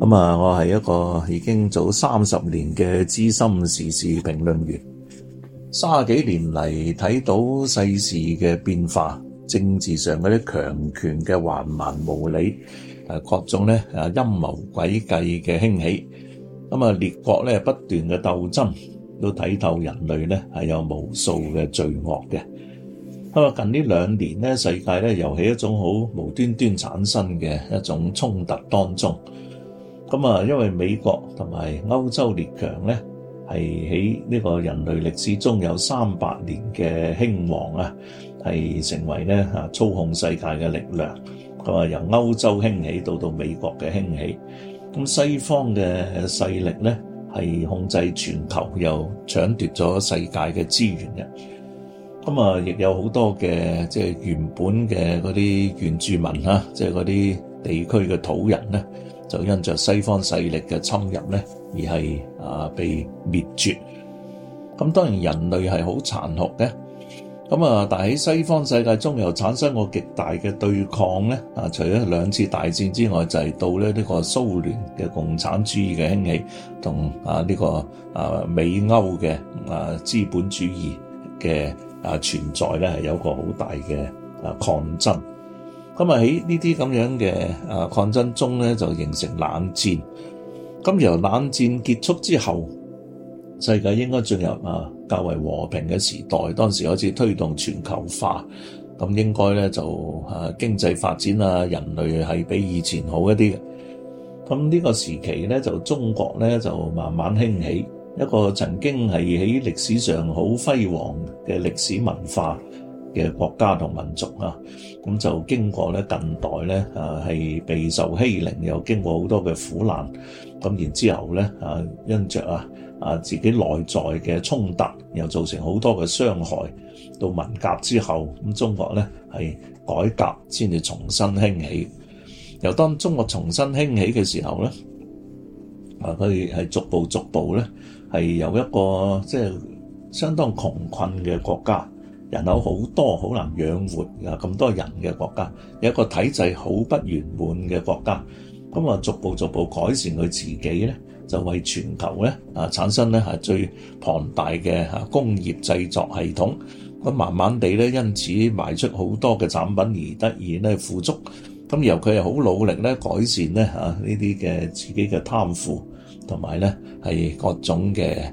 咁、嗯、啊！我係一個已經做三十年嘅資深時事評論員，三十幾年嚟，睇到世事嘅變化，政治上嗰啲強權嘅橫蠻無理，各種咧誒陰謀詭計嘅興起，咁、嗯、啊，列國咧不斷嘅鬥爭，都睇透人類咧係有無數嘅罪惡嘅。咁、嗯、啊，近呢兩年咧，世界咧又喺一種好無端端產生嘅一種衝突當中。咁啊，因為美國同埋歐洲列強咧，係喺呢個人類歷史中有三百年嘅興旺啊，係成為咧操控世界嘅力量。咁啊，由歐洲興起到到美國嘅興起，咁西方嘅勢力咧係控制全球，又搶奪咗世界嘅資源嘅。咁啊，亦有好多嘅即係原本嘅嗰啲原住民啊，即係嗰啲地區嘅土人咧。就因着西方勢力嘅侵入咧，而係啊被滅絕。咁當然人類係好殘酷嘅。咁啊，但喺西方世界中又產生過極大嘅對抗咧。啊，除咗兩次大戰之外，就係到咧呢個蘇聯嘅共產主義嘅興起，同啊呢個啊美歐嘅啊資本主義嘅啊存在咧，係有個好大嘅啊抗爭。今日喺呢啲咁樣嘅誒、啊、抗爭中咧，就形成冷戰。咁由冷戰結束之後，世界應該進入啊較為和平嘅時代。當時開始推動全球化，咁應該咧就啊經濟發展啊，人類係比以前好一啲嘅。咁呢個時期咧，就中國咧就慢慢興起一個曾經係喺歷史上好輝煌嘅歷史文化嘅國家同民族啊，咁就經過咧近代咧啊，係備受欺凌，又經過好多嘅苦難，咁然之後咧啊，因着啊啊自己內在嘅衝突，又造成好多嘅傷害，到文革之後，咁中國咧係改革先至重新興起。由當中國重新興起嘅時候咧，啊佢哋係逐步逐步咧係由一個即係、就是、相當窮困嘅國家。人口好多好難養活啊！咁多人嘅國家，有一個體制好不圓滿嘅國家，咁啊逐步逐步改善佢自己呢就為全球呢啊產生呢最龐大嘅工業製作系統。咁慢慢地呢，因此賣出好多嘅產品而得以呢富足。咁由佢又好努力呢改善呢呢啲嘅自己嘅貪腐同埋呢係各種嘅。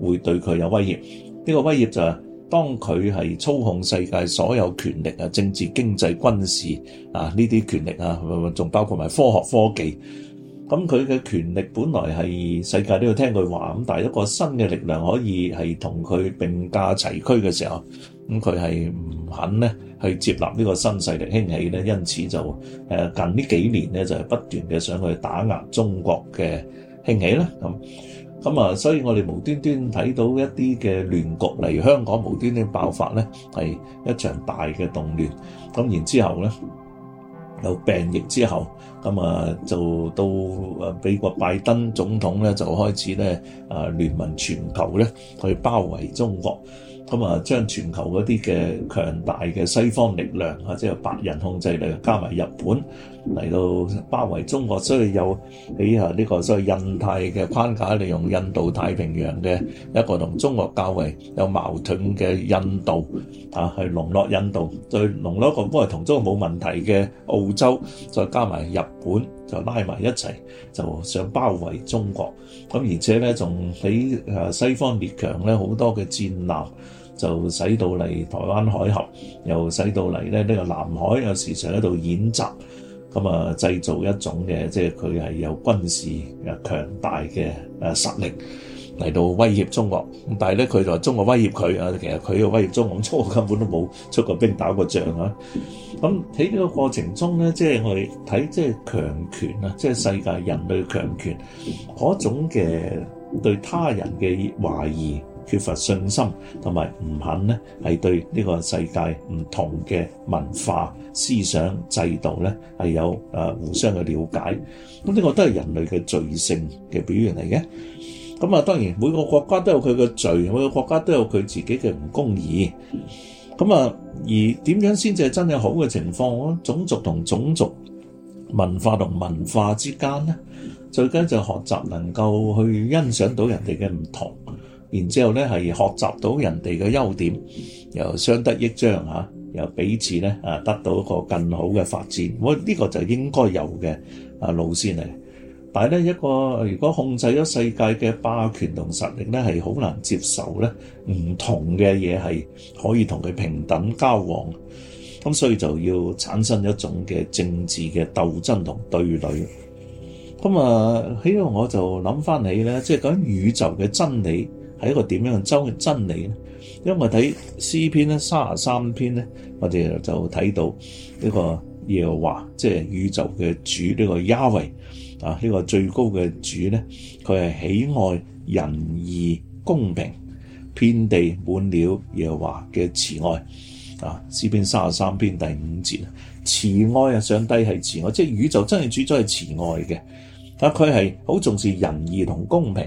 會對佢有威脅，呢個威脅就係當佢係操控世界所有權力啊，政治、經濟、軍事啊呢啲權力啊，仲包括埋科學科技。咁佢嘅權力本來係世界都要聽佢話，咁但係一個新嘅力量可以係同佢並駕齊驅嘅時候，咁佢係唔肯咧去接納呢個新勢力興起咧，因此就誒近呢幾年咧就係不斷嘅想去打壓中國嘅興起啦。咁。咁啊，所以我哋無端端睇到一啲嘅亂局，例如香港無端端爆發咧，係一場大嘅動亂。咁然之後咧，有病疫之後，咁啊就到啊美國拜登總統咧就開始咧啊聯盟全球咧去包圍中國。咁啊，將全球嗰啲嘅強大嘅西方力量啊，即係白人控制力，加埋日本嚟到包圍中國，所以有喺啊呢個所謂印太嘅框架，利用印度太平洋嘅一個同中國較為有矛盾嘅印度啊，去籠絡印度，再籠絡一個本來同中國冇問題嘅澳洲，再加埋日本就拉埋一齊，就想包圍中國。咁而且咧，仲喺西方列強咧好多嘅戰艦。就使到嚟台灣海峽，又使到嚟咧呢、呢個南海，有時常喺度演習，咁啊製造一種嘅，即係佢係有軍事啊強大嘅誒實力嚟到威脅中國。但係咧，佢就話中國威脅佢啊，其實佢嘅威脅中，咁中國根本都冇出過兵打過仗啊。咁喺呢個過程中咧，即係我哋睇即係強權啊，即係世界人類強權嗰種嘅對他人嘅懷疑。缺乏信心同埋唔肯咧，係對呢個世界唔同嘅文化、思想、制度咧，係有、呃、互相嘅了解。咁呢個都係人類嘅罪性嘅表現嚟嘅。咁啊，當然每個國家都有佢嘅罪，每個國家都有佢自己嘅唔公義。咁啊，而點樣先至係真係好嘅情況呢？種族同種族、文化同文化之間咧，最緊就學習能夠去欣賞到人哋嘅唔同。然之後咧，係學習到人哋嘅優點，又相得益彰又、啊、彼此咧啊，得到一個更好嘅發展。我、這、呢個就應該有嘅啊路線嚟。但係咧，一個如果控制咗世界嘅霸權同實力咧，係好難接受咧，唔同嘅嘢係可以同佢平等交往，咁、嗯、所以就要產生一種嘅政治嘅鬥爭同對壘。咁、嗯、啊，喺度我就諗翻起咧，即係講宇宙嘅真理。係一個點樣嘅真真理咧？因為睇詩篇咧，三十三篇咧，我哋就睇到呢個耶和華，即係宇宙嘅主，呢個雅威啊，呢個最高嘅主咧，佢係喜愛仁義、公平，遍地滿了耶和華嘅慈愛。啊，詩篇三十三篇第五節，慈愛啊，上帝係慈愛，即係宇宙真係主宰係慈愛嘅，但佢係好重視仁義同公平。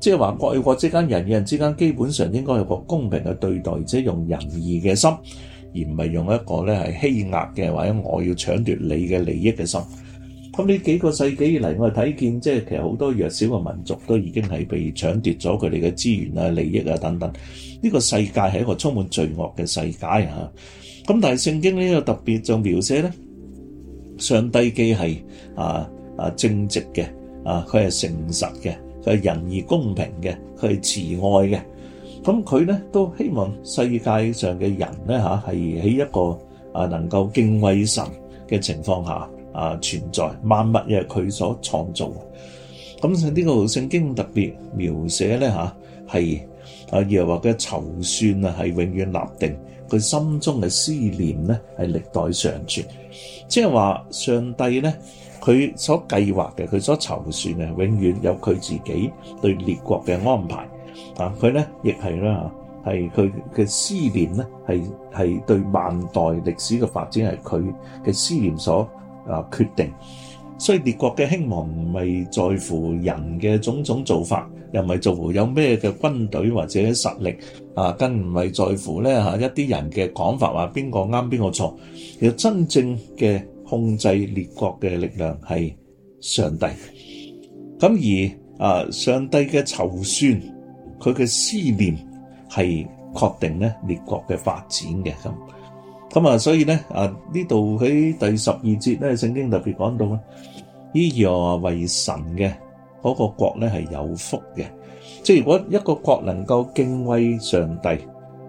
即係話國與國之間、人與人之間，基本上應該有個公平嘅對待，而且用仁義嘅心，而唔係用一個咧係欺壓嘅，或者我要搶奪你嘅利益嘅心。咁呢幾個世紀以嚟，我哋睇見即係其實好多弱小嘅民族都已經係被搶奪咗佢哋嘅資源啊、利益啊等等。呢、這個世界係一個充滿罪惡嘅世界啊！咁但係聖經呢個特別就描寫咧，上帝基係啊啊正直嘅啊，佢係誠實嘅。嘅仁義公平嘅，佢係慈愛嘅，咁佢咧都希望世界上嘅人咧嚇係喺一個啊能夠敬畏神嘅情況下啊存在，萬物又係佢所創造。咁呢個聖經特別描寫咧嚇係啊，又話佢嘅籌算啊係永遠立定，佢心中嘅思念咧係歷代常存。即係話上帝咧，佢所計劃嘅，佢所籌算嘅，永遠有佢自己對列國嘅安排。啊，佢咧亦係啦，係佢嘅思念咧，係係對萬代歷史嘅發展係佢嘅思念所啊決定。所以列國嘅興亡唔係在乎人嘅種種做法，又唔係在乎有咩嘅軍隊或者實力。啊，更唔係在乎咧嚇一啲人嘅講法，話邊個啱邊個錯。其實真正嘅控制列國嘅力量係上帝。咁而啊，上帝嘅籌算，佢嘅思念係確定咧列國嘅發展嘅咁。咁啊，所以咧啊呢度喺第十二節咧聖經特別講到咧，依樣為神嘅嗰個國咧係有福嘅。即係如果一個國能夠敬畏上帝，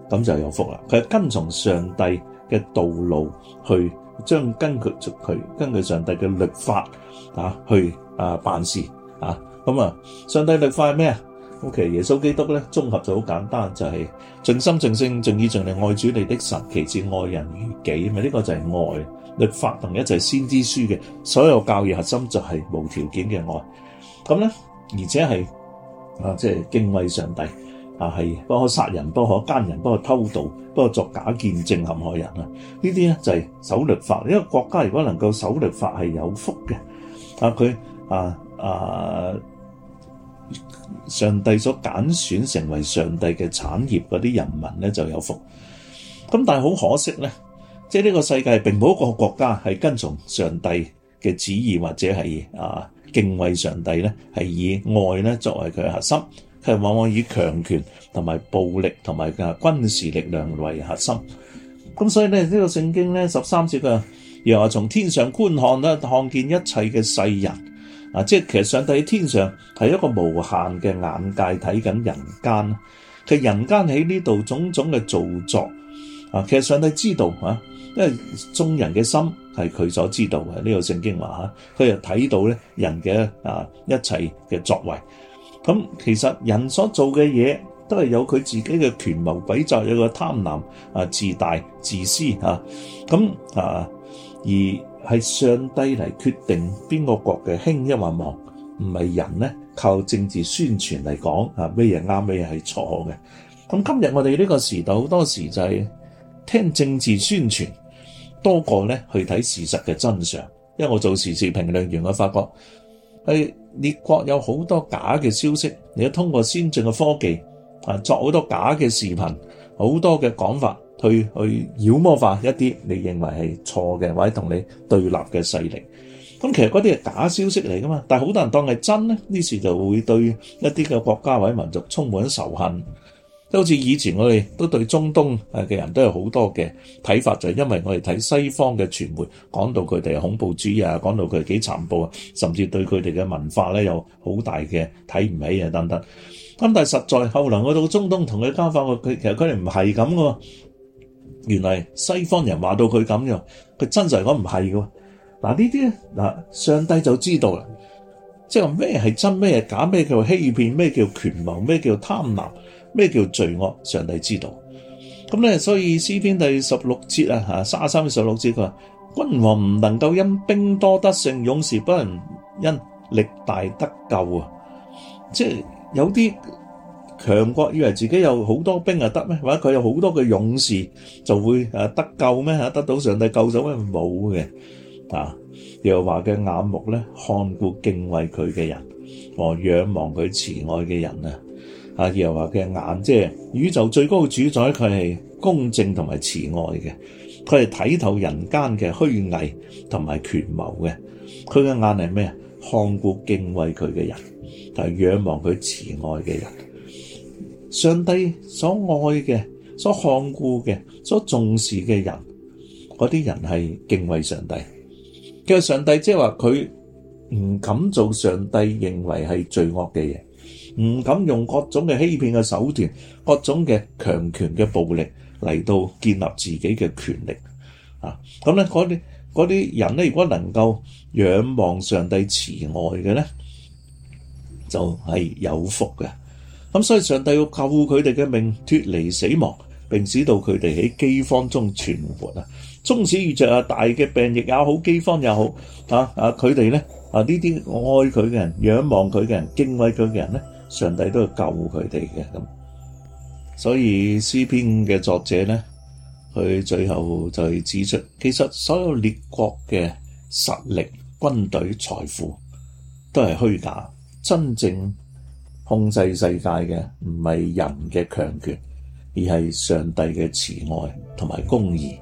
咁就有福啦。佢係跟從上帝嘅道路去，將根據出佢根據上帝嘅律法啊去啊辦事啊。咁啊，上帝律法係咩啊？咁其實耶穌基督咧綜合就好簡單，就係盡心盡性盡意盡力愛主你的神，其次愛人如己。咪呢個就係愛律法同一切先知書嘅所有教義核心就係無條件嘅愛。咁咧，而且係。啊！即係敬畏上帝啊，係不可殺人，不可奸人，不可偷盜，不可作假見證陷害人啊！呢啲咧就係守律法。一個國家如果能夠守律法係有福嘅，啊佢啊啊上帝所揀選成為上帝嘅產業嗰啲人民咧就有福。咁但係好可惜咧，即係呢個世界並冇一個國家係跟從上帝嘅旨意，或者係啊。敬畏上帝咧，係以愛咧作為佢核心，佢係往往以強權同埋暴力同埋軍事力量為核心。咁所以咧呢、呢個聖經咧十三節佢又話，從天上觀看咧，看見一切嘅世人啊，即係其實上帝喺天上係一個無限嘅眼界睇緊人間，佢、啊、人間喺呢度種種嘅造作啊，其實上帝知道、啊因為眾人嘅心係佢所知道嘅，呢、這個聖經話嚇，佢又睇到咧人嘅啊一切嘅作為。咁、嗯、其實人所做嘅嘢都係有佢自己嘅權謀詭詐，有個貪婪啊、自大、自私嚇。咁啊，嗯、啊，而係上帝嚟決定邊個國嘅興一或亡，唔係人咧靠政治宣傳嚟講啊咩嘢啱，咩嘢係錯嘅。咁、嗯、今日我哋呢個時代好多時就係聽政治宣傳。多個咧去睇事實嘅真相，因為我做時事評論員，我發覺係列國有好多假嘅消息，你要通過先進嘅科技啊，作好多假嘅視頻，好多嘅講法去去妖魔化一啲你認為係錯嘅或者同你對立嘅勢力。咁其實嗰啲係假消息嚟噶嘛，但係好多人當係真咧，呢時，就會對一啲嘅國家或者民族充滿仇恨。都好似以前我哋都對中東嘅人都有好多嘅睇法，就係因為我哋睇西方嘅傳媒講到佢哋恐怖主義啊，講到佢哋幾殘暴啊，甚至對佢哋嘅文化咧有好大嘅睇唔起啊等等。咁但係實在後來我到中東同佢交法，佢其實佢哋唔係咁嘅。原來西方人話到佢咁樣，佢真實講唔係嘅。嗱呢啲嗱，上帝就知道啦，即係話咩係真咩係假，咩叫欺騙，咩叫權謀，咩叫貪婪。咩叫罪惡？上帝知道。咁咧，所以詩篇第十六節啊，吓三十三十六節，佢話君王唔能夠因兵多得勝，勇士不能因力大得救啊！即係有啲強國以為自己有好多兵啊得咩？或者佢有好多嘅勇士就會誒得救咩？吓、啊、得到上帝救咗咩冇嘅？啊，又話耶和華嘅眼目咧看顧敬畏佢嘅人和仰望佢慈愛嘅人啊！啊，耶和華嘅眼，即係宇宙最高主宰，佢係公正同埋慈愛嘅，佢係睇透人間嘅虛偽同埋權謀嘅。佢嘅眼係咩啊？看顧敬畏佢嘅人，就仰望佢慈愛嘅人。上帝所愛嘅、所看顧嘅、所重視嘅人，嗰啲人係敬畏上帝。其實上帝即係話佢唔敢做上帝認為係罪惡嘅嘢。唔敢用各種嘅欺騙嘅手段，各種嘅強權嘅暴力嚟到建立自己嘅權力啊！咁咧嗰啲嗰啲人咧，如果能夠仰望上帝慈愛嘅咧，就係、是、有福嘅。咁、啊、所以上帝要救佢哋嘅命，脱離死亡，並使到佢哋喺饑荒中存活啊！縱使遇着大嘅病疫也好，饑荒也好，佢哋咧啊！啊呢啲、啊、愛佢嘅人、仰望佢嘅人、敬畏佢嘅人咧～上帝都要救佢哋嘅咁，所以詩篇嘅作者呢，佢最後就指出，其實所有列國嘅實力、軍隊、財富都係虛假，真正控制世界嘅唔係人嘅強權，而係上帝嘅慈愛同埋公義。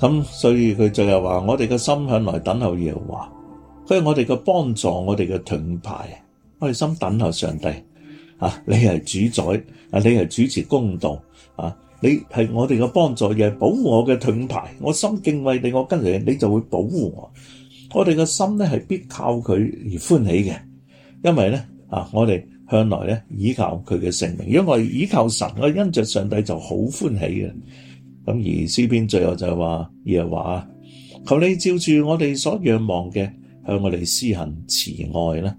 咁所以佢最後話：我哋嘅心向來等候耶和華，佢係我哋嘅幫助，我哋嘅盾牌。我嘅心等候上帝啊，你係主宰啊，你係主持公道啊，你係我哋嘅幫助，亦係保護我嘅盾牌。我心敬畏你，我跟住你，你就會保護我。我哋嘅心咧係必靠佢而歡喜嘅，因為咧啊，我哋向來咧倚靠佢嘅聖名，因為我倚靠神，我因着上帝就好歡喜嘅。咁而詩篇最後就係話亦係話，求你照住我哋所仰望嘅，向我哋施行慈愛啦。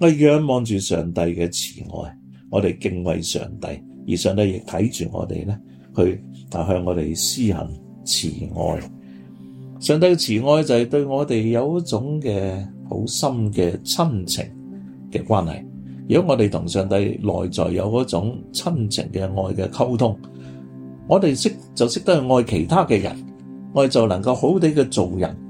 我仰望住上帝嘅慈愛，我哋敬畏上帝，而上帝亦睇住我哋呢。佢向我哋施行慈愛。上帝嘅慈愛就係對我哋有一種嘅好深嘅親情嘅關係。如果我哋同上帝內在有嗰種親情嘅愛嘅溝通，我哋就識得去愛其他嘅人，我哋就能夠好啲嘅做人。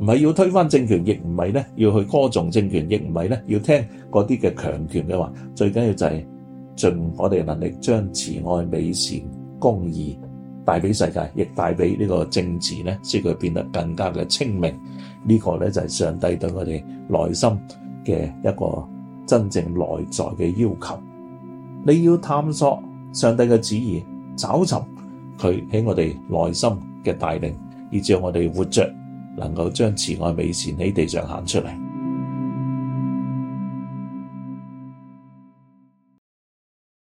唔係要推翻政權，亦唔係呢，要去歌頌政權，亦唔係呢，要聽嗰啲嘅強權嘅話。最緊要就係盡我哋能力將慈愛、美善、公義帶俾世界，亦帶俾呢個政治，呢使佢變得更加嘅清明。呢個呢，就係上帝對我哋內心嘅一個真正內在嘅要求。你要探索上帝嘅旨意，找尋佢喺我哋內心嘅帶領，以照我哋活着。能夠將慈愛美善喺地上行出嚟。